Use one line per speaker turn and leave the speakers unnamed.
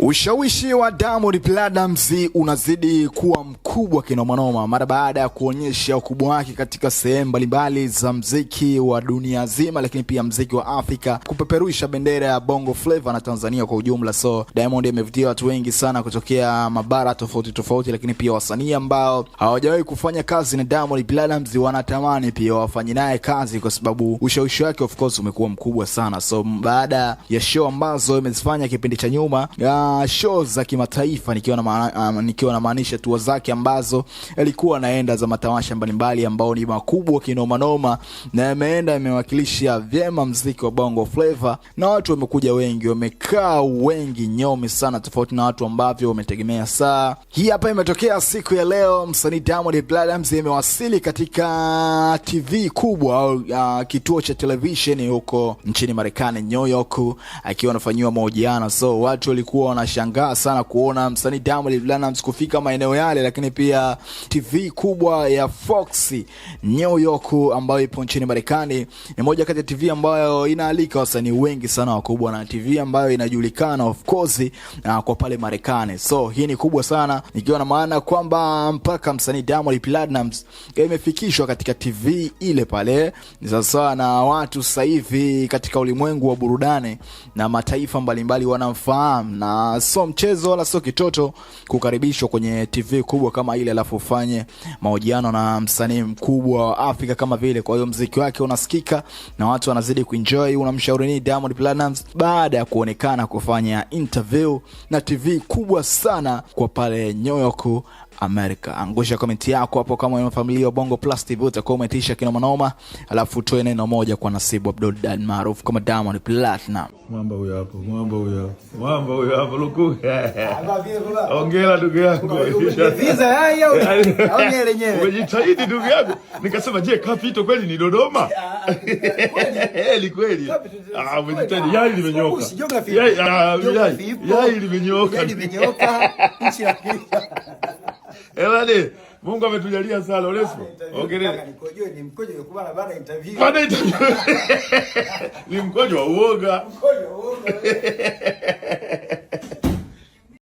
Ushawishi wa Diamond Platnumz unazidi kuwa mkubwa kinomanoma mara baada ya kuonyesha ukubwa wake katika sehemu mbalimbali za mziki wa dunia zima, lakini pia mziki wa Afrika, kupeperusha bendera ya Bongo Flava na Tanzania kwa ujumla. So Diamond amevutia watu wengi sana kutokea mabara tofauti tofauti, lakini pia wasanii ambao hawajawahi kufanya kazi na Diamond Platnumz wanatamani pia wafanye naye kazi, kwa sababu ushawishi wake of course umekuwa mkubwa sana. So baada ya show ambazo imezifanya kipindi cha nyuma ya na show za kimataifa nikiwa na um, nikiwa namaanisha hatua zake ambazo alikuwa anaenda za matamasha mbalimbali ambao ni makubwa kinoma noma, na yameenda yamewakilisha vyema mziki wa Bongo Flava, na watu wamekuja wengi, wamekaa wengi nyomi sana, tofauti na watu ambavyo wametegemea. Saa hii hapa imetokea siku ya leo, msanii Diamond Platnumz imewasili katika TV kubwa au uh, kituo cha televisheni huko nchini Marekani, New York, akiwa anafanyiwa mahojiano, so watu walikuwa wanashangaa sana kuona msanii Diamond Platnumz kufika maeneo yale, lakini pia TV kubwa ya Fox New York ambayo ipo nchini Marekani ni moja kati ya TV ambayo inaalika wasanii wengi sana wakubwa na TV ambayo inajulikana of course na ah, kwa pale Marekani. So hii ni kubwa sana, nikiwa na maana kwamba mpaka msanii Diamond Platnumz imefikishwa katika TV ile pale sasa, na watu sasa hivi katika ulimwengu wa burudani na mataifa mbalimbali wanamfahamu na so mchezo wala sio kitoto kukaribishwa kwenye TV kubwa kama ile, alafu ufanye mahojiano na msanii mkubwa wa Afrika kama vile. Kwa hiyo mziki wake unasikika na watu wanazidi kuenjoy. Unamshauri ni Diamond Platnumz baada ya kuonekana kufanya interview na TV kubwa sana kwa pale New York America. Angusha komenti yako hapo kama wanafamilia wa Bongo Plus TV utakuwa umetisha kina manoma, alafu toe neno moja kwa Nasibu Abdul Dan maarufu kama Diamond Platinum.
Mwamba huyo hapo, mwamba huyo hapo. Mwamba huyo hapo luku. Ongea ndugu yangu. Visa haya au ongea lenyewe. Umejitahidi ndugu yangu. Nikasema je, kapi ito kweli ni Dodoma? Kweli ah, kweli. Ah, umejitahidi. Yai limenyoka. Yai limenyoka. Yai limenyoka. Nchi ya Kenya. Ewani, eh, Mungu ametujalia sana Onesmo. Ah, Ongereni. ni mkojo yokubana interview. interview. Ni mkojo wa uoga. Mkojo wa uoga.